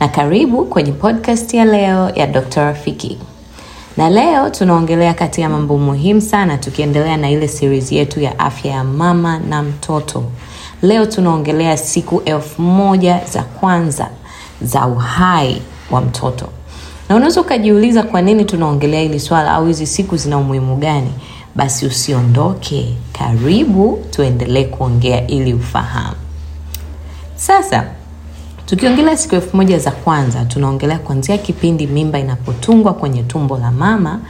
na karibu kwenye podcast ya leo ya Dr. Rafiki. Na leo tunaongelea kati ya mambo muhimu sana, tukiendelea na ile series yetu ya afya ya mama na mtoto. Leo tunaongelea siku elfu moja za kwanza za uhai wa mtoto, na unaweza ukajiuliza kwa nini tunaongelea hili swala au hizi siku zina umuhimu gani? Basi usiondoke, karibu tuendelee kuongea ili ufahamu. Sasa Tukiongelea siku elfu moja za kwanza, tunaongelea kuanzia kipindi mimba inapotungwa kwenye tumbo la mama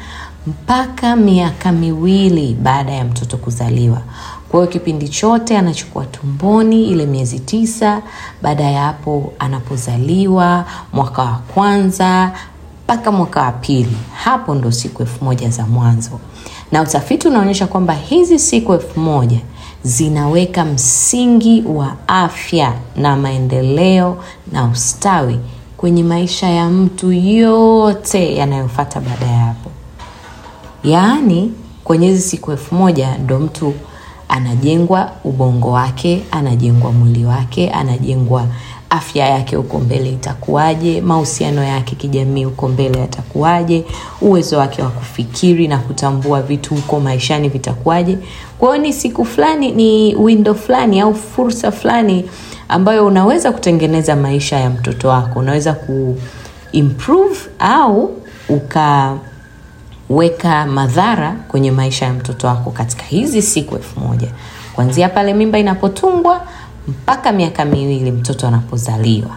mpaka miaka miwili baada ya mtoto kuzaliwa. Kwa hiyo kipindi chote anachukua tumboni, ile miezi tisa. Baada ya hapo, anapozaliwa mwaka wa kwanza mpaka mwaka wa pili, hapo ndo siku elfu moja za mwanzo, na utafiti unaonyesha kwamba hizi siku elfu moja zinaweka msingi wa afya na maendeleo na ustawi kwenye maisha ya mtu yote yanayofata baada ya hapo. Yaani kwenye hizi siku elfu moja ndo mtu anajengwa ubongo wake, anajengwa mwili wake, anajengwa afya yake huko mbele itakuwaje, mahusiano yake kijamii huko mbele yatakuwaje, uwezo wake wa kufikiri na kutambua vitu huko maishani vitakuwaje. Kwa ni siku fulani, ni window fulani au fursa fulani ambayo unaweza kutengeneza maisha ya mtoto wako, unaweza ku improve au ukaweka madhara kwenye maisha ya mtoto wako katika hizi siku elfu moja kuanzia pale mimba inapotungwa mpaka miaka miwili mtoto anapozaliwa.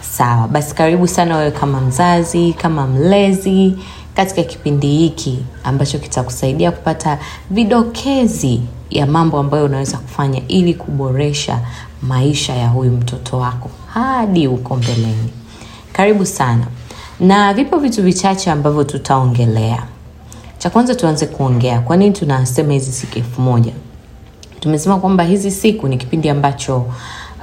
Sawa, basi karibu sana wewe kama mzazi, kama mlezi katika kipindi hiki ambacho kitakusaidia kupata vidokezi ya mambo ambayo unaweza kufanya ili kuboresha maisha ya huyu mtoto wako hadi uko mbeleni. Karibu sana, na vipo vitu vichache ambavyo tutaongelea. Cha kwanza, tuanze kuongea kwa nini tunasema hizi siku elfu moja. Tumesema kwamba hizi siku ni kipindi ambacho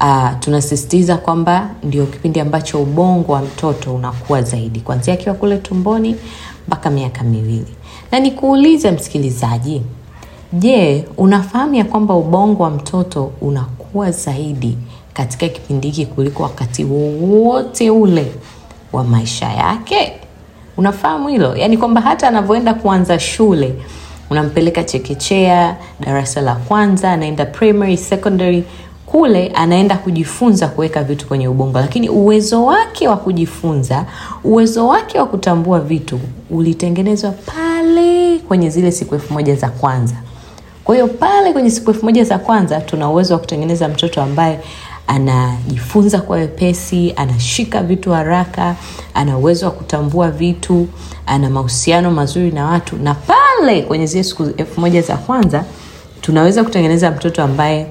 Uh, tunasisitiza kwamba ndio kipindi ambacho ubongo wa mtoto unakuwa zaidi kuanzia akiwa kule tumboni mpaka miaka miwili. Na nikuulize msikilizaji, je, unafahamu ya kwamba ubongo wa mtoto unakuwa zaidi katika kipindi hiki kuliko wakati wowote ule wa maisha yake? Unafahamu hilo? Yaani kwamba hata anavyoenda kuanza shule unampeleka chekechea, darasa la kwanza, anaenda primary, secondary kule anaenda kujifunza kuweka vitu kwenye ubongo, lakini uwezo wake wa kujifunza, uwezo wake wa kutambua vitu ulitengenezwa pale kwenye zile siku elfu moja za kwanza. Kwa hiyo pale kwenye siku elfu moja za kwanza tuna uwezo wa kutengeneza mtoto ambaye anajifunza kwa wepesi, anashika vitu haraka, ana uwezo wa kutambua vitu, ana mahusiano mazuri na watu, na pale kwenye zile siku elfu moja za kwanza tunaweza kutengeneza mtoto ambaye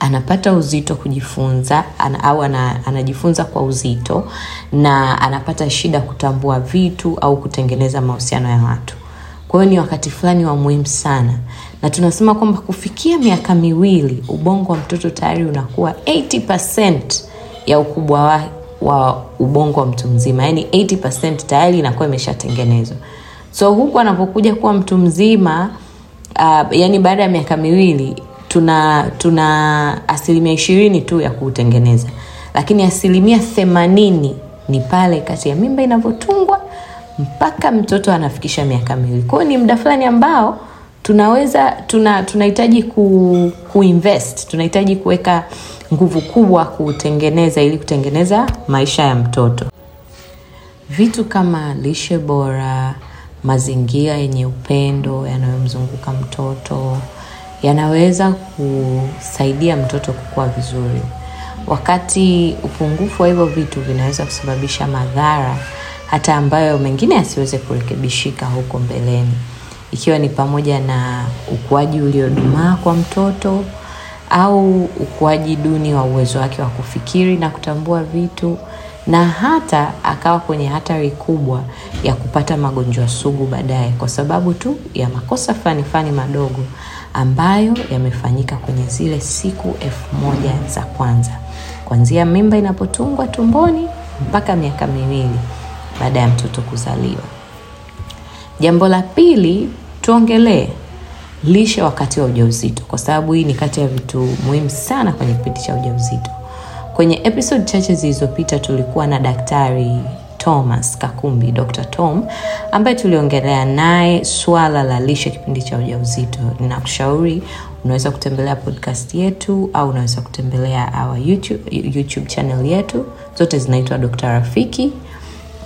anapata uzito kujifunza ana, au ana, anajifunza kwa uzito na anapata shida kutambua vitu au kutengeneza mahusiano ya watu. Kwa hiyo ni wakati fulani wa muhimu sana, na tunasema kwamba kufikia miaka miwili ubongo wa mtoto tayari unakuwa 80% ya ukubwa wa, wa ubongo wa mtu mzima, yaani 80% tayari inakuwa imeshatengenezwa. So huku anapokuja kuwa mtu mzima uh, yaani baada ya miaka miwili tuna tuna asilimia ishirini tu ya kuutengeneza, lakini asilimia themanini ni pale kati ya mimba inavyotungwa mpaka mtoto anafikisha miaka miwili. Kwa ni muda fulani ambao tunaweza tuna tunahitaji ku, kuinvest, tunahitaji kuweka nguvu kubwa kutengeneza, ili kutengeneza maisha ya mtoto. Vitu kama lishe bora, mazingira yenye upendo yanayomzunguka mtoto yanaweza kusaidia mtoto kukua vizuri, wakati upungufu wa hivyo vitu vinaweza kusababisha madhara hata ambayo mengine asiweze kurekebishika huko mbeleni, ikiwa ni pamoja na ukuaji uliodumaa kwa mtoto au ukuaji duni wa uwezo wake wa kufikiri na kutambua vitu, na hata akawa kwenye hatari kubwa ya kupata magonjwa sugu baadaye kwa sababu tu ya makosa fani fani madogo ambayo yamefanyika kwenye zile siku elfu moja za kwanza kuanzia mimba inapotungwa tumboni mpaka miaka miwili baada ya mtoto kuzaliwa. Jambo la pili, tuongelee lishe wakati wa ujauzito, kwa sababu hii ni kati ya vitu muhimu sana kwenye kipindi cha ujauzito. Kwenye episode chache zilizopita tulikuwa na daktari Thomas Kakumbi, Dr. Tom ambaye tuliongelea naye swala la lishe kipindi cha ujauzito. Ninakushauri unaweza kutembelea podcast yetu au unaweza kutembelea our YouTube, YouTube channel yetu, zote zinaitwa Dr. Rafiki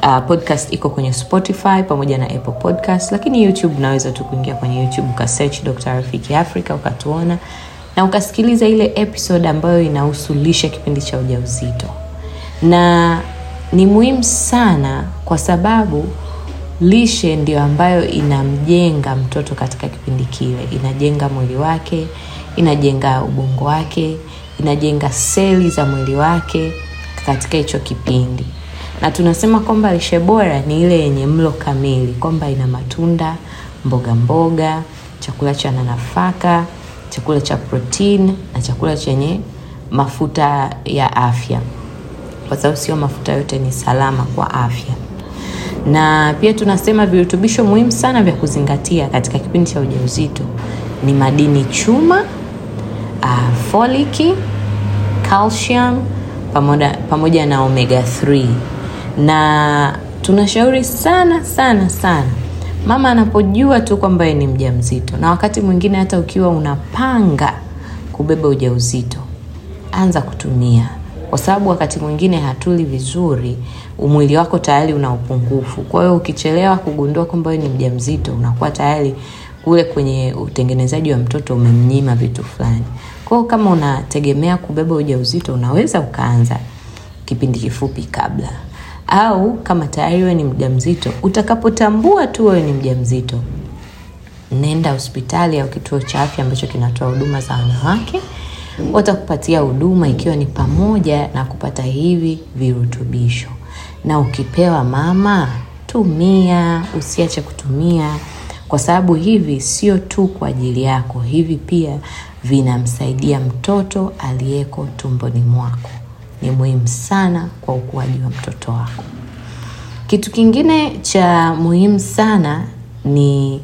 Uh, podcast iko kwenye Spotify pamoja na Apple Podcast, lakini YouTube unaweza tu kuingia kwenye YouTube ukasearch Dr. Rafiki Africa ukatuona na ukasikiliza ile episode ambayo inahusu lishe kipindi cha ujauzito. Na ni muhimu sana kwa sababu lishe ndiyo ambayo inamjenga mtoto katika kipindi kile, inajenga mwili wake, inajenga ubongo wake, inajenga seli za mwili wake katika hicho kipindi na tunasema kwamba lishe bora ni ile yenye mlo kamili, kwamba ina matunda, mboga mboga, chakula cha nafaka, chakula cha protein na chakula chenye mafuta ya afya, kwa sababu sio mafuta yote ni salama kwa afya. Na pia tunasema virutubisho muhimu sana vya kuzingatia katika kipindi cha ujauzito ni madini chuma, uh, foliki, calcium pamoja, pamoja na omega 3 na tunashauri sana sana sana mama anapojua tu kwamba yeye ni mjamzito, na wakati mwingine hata ukiwa unapanga kubeba ujauzito, anza kutumia, kwa sababu wakati mwingine hatuli vizuri, umwili wako tayari una upungufu. Kwa hiyo ukichelewa kugundua kwamba wewe ni mjamzito, unakuwa tayari kule kwenye utengenezaji wa mtoto umemnyima vitu fulani. Kwa hiyo kama unategemea kubeba ujauzito, unaweza ukaanza kipindi kifupi kabla au kama tayari wewe ni mjamzito, utakapotambua tu wewe ni mjamzito, nenda hospitali au kituo cha afya ambacho kinatoa huduma za wanawake. Watakupatia huduma ikiwa ni pamoja na kupata hivi virutubisho, na ukipewa mama, tumia, usiache kutumia, kwa sababu hivi sio tu kwa ajili yako, hivi pia vinamsaidia mtoto aliyeko tumboni mwako ni muhimu sana kwa ukuaji wa mtoto wako. Kitu kingine cha muhimu sana ni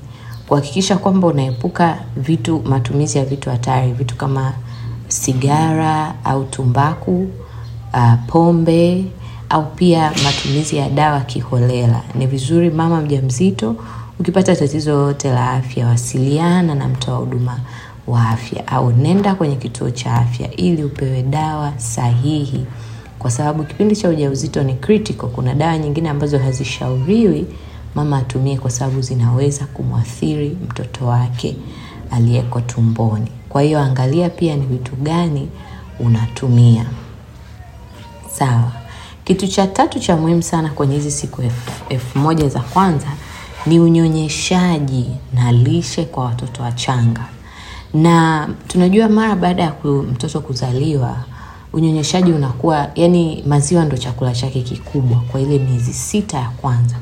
kuhakikisha kwamba unaepuka vitu, matumizi ya vitu hatari, vitu kama sigara au tumbaku, uh, pombe au pia matumizi ya dawa kiholela. Ni vizuri mama mjamzito, ukipata tatizo lolote la afya, wasiliana na mtoa huduma wa afya au nenda kwenye kituo cha afya ili upewe dawa sahihi, kwa sababu kipindi cha ujauzito ni critical. Kuna dawa nyingine ambazo hazishauriwi mama atumie kwa sababu zinaweza kumwathiri mtoto wake aliyeko tumboni. Kwa hiyo angalia pia ni vitu gani unatumia. Sawa. Kitu cha tatu cha muhimu sana kwenye hizi siku elfu moja za kwanza ni unyonyeshaji na lishe kwa watoto wachanga na tunajua mara baada ya mtoto kuzaliwa unyonyeshaji unakuwa yani, maziwa ndo chakula chake kikubwa kwa ile miezi sita ya kwanza,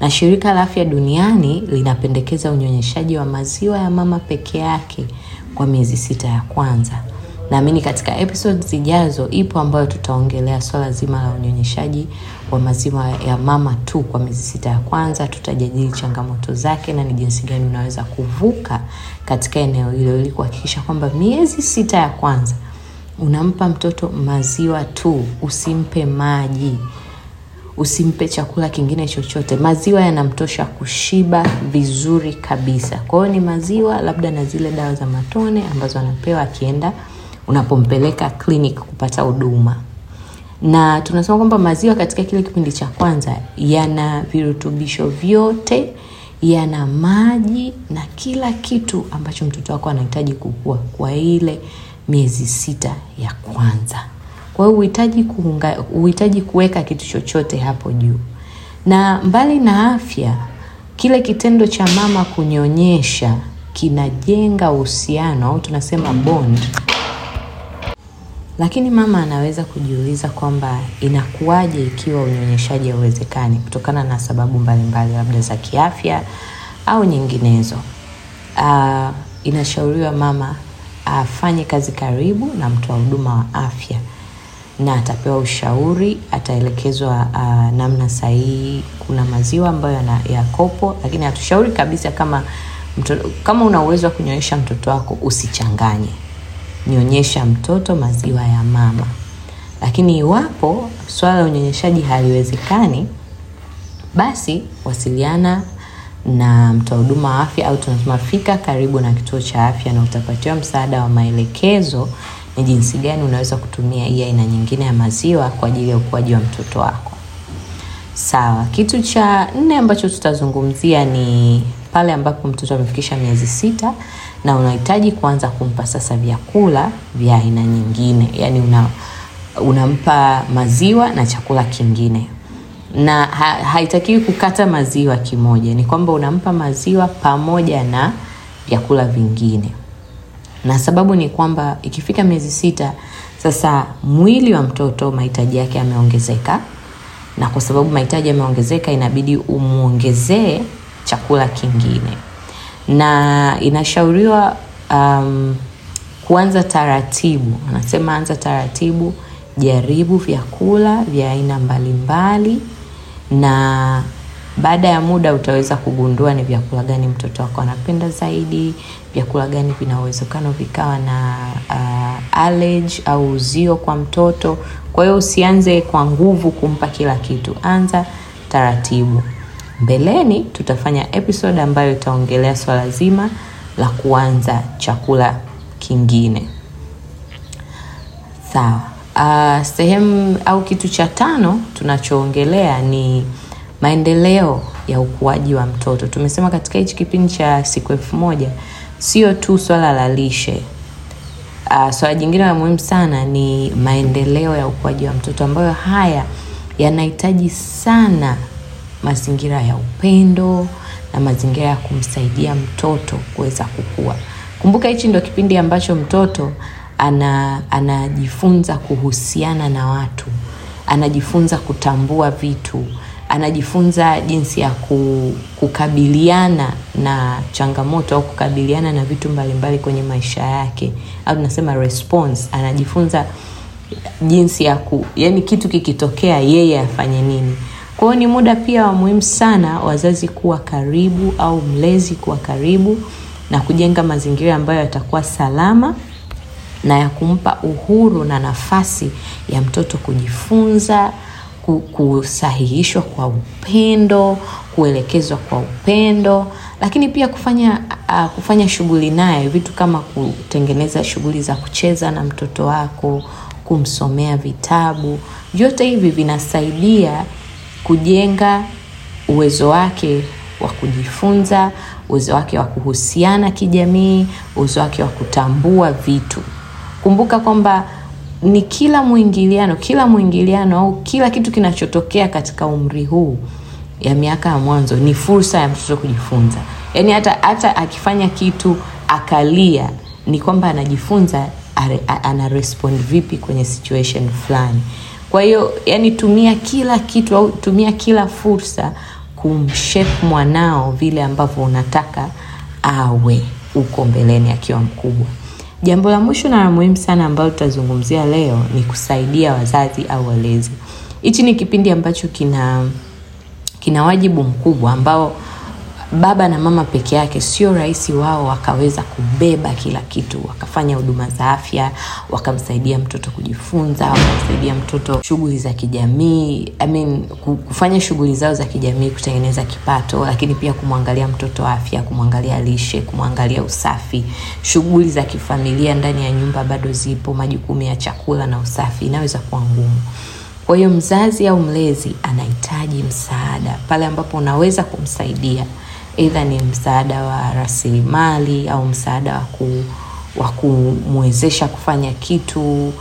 na shirika la afya duniani linapendekeza unyonyeshaji wa maziwa ya mama peke yake kwa miezi sita ya kwanza naamini katika episode zijazo ipo ambayo tutaongelea swala zima la unyonyeshaji wa maziwa ya mama tu kwa miezi sita ya kwanza. Tutajadili changamoto zake na ni jinsi gani unaweza kuvuka katika eneo hilo ili kuhakikisha kwamba miezi sita ya kwanza unampa mtoto maziwa tu, usimpe maji, usimpe chakula kingine chochote. Maziwa yanamtosha kushiba vizuri kabisa. Kwa hiyo ni maziwa labda na zile dawa za matone ambazo anapewa akienda unapompeleka clinic kupata huduma na tunasema kwamba maziwa katika kile kipindi cha kwanza yana virutubisho vyote yana maji na kila kitu ambacho mtoto wako anahitaji kukua kwa ile miezi sita ya kwanza kwa hiyo uhitaji uhitaji kuweka kitu chochote hapo juu na mbali na afya kile kitendo cha mama kunyonyesha kinajenga uhusiano au tunasema bond lakini mama anaweza kujiuliza kwamba inakuwaje ikiwa unyonyeshaji hauwezekani kutokana na sababu mbalimbali, labda za kiafya au nyinginezo. Uh, inashauriwa mama afanye kazi karibu na mtoa huduma wa afya na atapewa ushauri, ataelekezwa uh, namna sahihi. Kuna maziwa ambayo yakopo, lakini hatushauri kabisa kama mtoto, kama una uwezo wa kunyonyesha mtoto wako usichanganye kumnyonyesha mtoto maziwa ya mama. Lakini iwapo swala la unyonyeshaji haliwezekani, basi wasiliana na mtoa huduma wa afya au tunasema fika karibu na kituo cha afya na utapatiwa msaada wa maelekezo ni jinsi gani unaweza kutumia hii aina nyingine ya maziwa kwa ajili ya ukuaji wa mtoto wako. Sawa, kitu cha nne ambacho tutazungumzia ni pale ambapo mtoto amefikisha miezi sita na unahitaji kuanza kumpa sasa vyakula vya aina nyingine, yani una, unampa maziwa na chakula kingine na ha, haitakiwi kukata maziwa kimoja, ni kwamba unampa maziwa pamoja na vyakula vingine, na sababu ni kwamba ikifika miezi sita sasa mwili wa mtoto mahitaji yake yameongezeka, na kwa sababu mahitaji yameongezeka, inabidi umwongezee chakula kingine na inashauriwa um, kuanza taratibu. Anasema anza taratibu, jaribu vyakula vya aina mbalimbali, na baada ya muda utaweza kugundua ni vyakula gani mtoto wako anapenda zaidi, vyakula gani vina uwezekano vikawa na uh, allergy au uzio kwa mtoto. Kwa hiyo usianze kwa nguvu kumpa kila kitu, anza taratibu. Mbeleni tutafanya episode ambayo itaongelea swala zima la kuanza chakula kingine. Sawa. Uh, sehemu au kitu cha tano tunachoongelea ni maendeleo ya ukuaji wa mtoto. Tumesema katika hichi kipindi cha siku elfu moja sio tu swala la lishe. Uh, swala jingine la muhimu sana ni maendeleo ya ukuaji wa mtoto ambayo haya yanahitaji sana mazingira ya upendo na mazingira ya kumsaidia mtoto kuweza kukua. Kumbuka hichi ndo kipindi ambacho mtoto ana anajifunza kuhusiana na watu, anajifunza kutambua vitu, anajifunza jinsi ya kukabiliana na changamoto au kukabiliana na vitu mbalimbali mbali kwenye maisha yake, au tunasema response. Anajifunza jinsi ya ku, yani kitu kikitokea yeye afanye nini. Kwa ni muda pia wa muhimu sana wazazi kuwa karibu au mlezi kuwa karibu na kujenga mazingira ambayo yatakuwa salama na ya kumpa uhuru na nafasi ya mtoto kujifunza, kusahihishwa kwa upendo, kuelekezwa kwa upendo, lakini pia kufanya uh, kufanya shughuli naye, vitu kama kutengeneza shughuli za kucheza na mtoto wako, kumsomea vitabu, vyote hivi vinasaidia kujenga uwezo wake wa kujifunza, uwezo wake wa kuhusiana kijamii, uwezo wake wa kutambua vitu. Kumbuka kwamba ni kila mwingiliano, kila mwingiliano au kila kitu kinachotokea katika umri huu ya miaka ya mwanzo ni fursa ya mtoto kujifunza. Yaani hata hata akifanya kitu akalia, ni kwamba anajifunza ana respond vipi kwenye situation fulani. Kwa hiyo yani, tumia kila kitu au tumia kila fursa kumshep mwanao vile ambavyo unataka awe uko mbeleni akiwa mkubwa. Jambo la mwisho na la muhimu sana ambalo tutazungumzia leo ni kusaidia wazazi au walezi. Hichi ni kipindi ambacho kina kina wajibu mkubwa ambao baba na mama peke yake sio rahisi wao wakaweza kubeba kila kitu, wakafanya huduma za afya, wakamsaidia mtoto kujifunza, wakamsaidia mtoto shughuli za kijamii, I mean, kufanya shughuli zao za kijamii, kutengeneza kipato, lakini pia kumwangalia mtoto afya, kumwangalia lishe, kumwangalia usafi. Shughuli za kifamilia ndani ya nyumba bado zipo, majukumu ya chakula na usafi inaweza kuwa ngumu. Kwa hiyo mzazi au mlezi anahitaji msaada pale ambapo unaweza kumsaidia. Aidha ni msaada wa rasilimali au msaada wa ku wa kumwezesha kufanya kitu,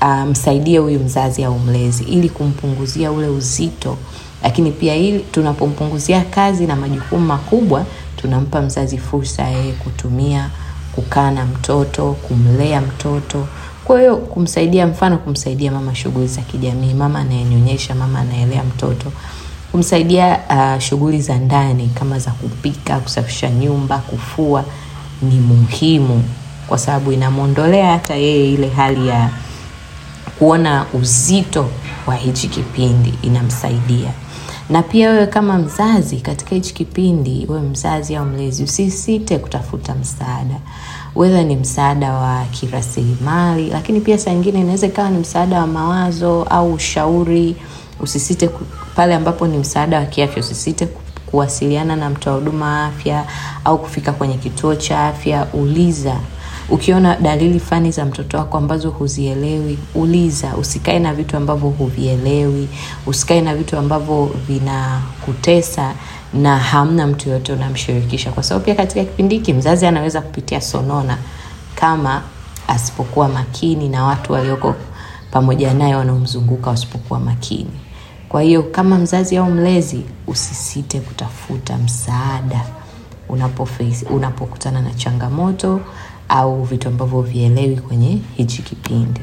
ah, msaidie um, huyu mzazi au mlezi ili kumpunguzia ule uzito, lakini pia ili tunapompunguzia kazi na majukumu makubwa, tunampa mzazi fursa yeye kutumia kukaa na mtoto, kumlea mtoto. Kwa hiyo kumsaidia, mfano kumsaidia mama shughuli za kijamii, mama anayenyonyesha, mama anaelea mtoto kumsaidia uh, shughuli za ndani kama za kupika, kusafisha nyumba, kufua ni muhimu, kwa sababu inamwondolea hata yeye ile hali ya kuona uzito wa hichi kipindi, inamsaidia na pia wewe kama mzazi katika hichi kipindi, wewe mzazi au mlezi, usisite kutafuta msaada, wedha ni msaada wa kirasilimali, lakini pia saa nyingine inaweza ikawa ni msaada wa mawazo au ushauri usisite ku, pale ambapo ni msaada wa kiafya usisite ku, kuwasiliana na mtoa huduma wa afya au kufika kwenye kituo cha afya. Uliza ukiona dalili fani za mtoto wako ambazo huzielewi, uliza. Usikae na vitu ambavyo huvielewi, usikae na vitu ambavyo vinakutesa na hamna mtu yoyote unamshirikisha, kwa sababu pia katika kipindi hiki mzazi anaweza kupitia sonona kama asipokuwa makini na watu walioko pamoja naye wanaomzunguka wasipokuwa makini. Kwa hiyo kama mzazi au mlezi, usisite kutafuta msaada unapokutana na changamoto au vitu ambavyo vielewi kwenye hichi kipindi.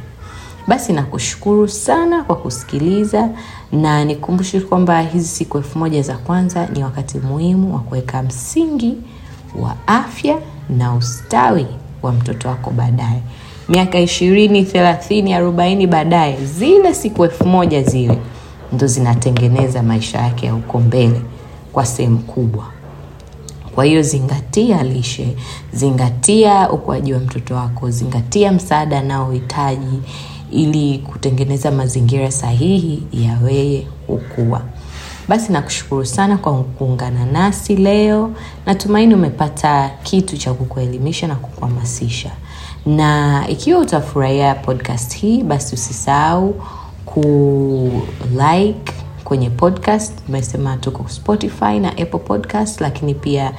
Basi nakushukuru sana kwa kusikiliza na nikumbushe kwamba hizi siku elfu moja za kwanza ni wakati muhimu wa kuweka msingi wa afya na ustawi wa mtoto wako baadaye. Miaka ishirini, thelathini, arobaini baadaye, zile siku elfu moja zile ndo zinatengeneza maisha yake ya huko mbele kwa sehemu kubwa. Kwa hiyo zingatia lishe, zingatia ukuaji wa mtoto wako, zingatia msaada anaohitaji ili kutengeneza mazingira sahihi ya wewe kukua. Basi nakushukuru sana kwa kuungana nasi leo. Natumaini umepata kitu cha kukuelimisha na kukuhamasisha, na ikiwa utafurahia podcast hii, basi usisahau kulike kwenye podcast tumesema tuko spotify na apple podcast lakini pia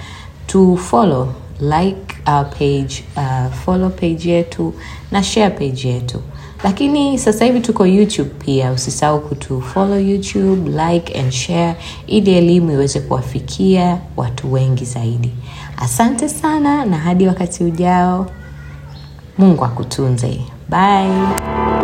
to follow like our page uh, follow page yetu na share page yetu lakini sasa hivi tuko youtube pia usisahau follow youtube like and share ili elimu iweze kuwafikia watu wengi zaidi asante sana na hadi wakati ujao mungu akutunze bye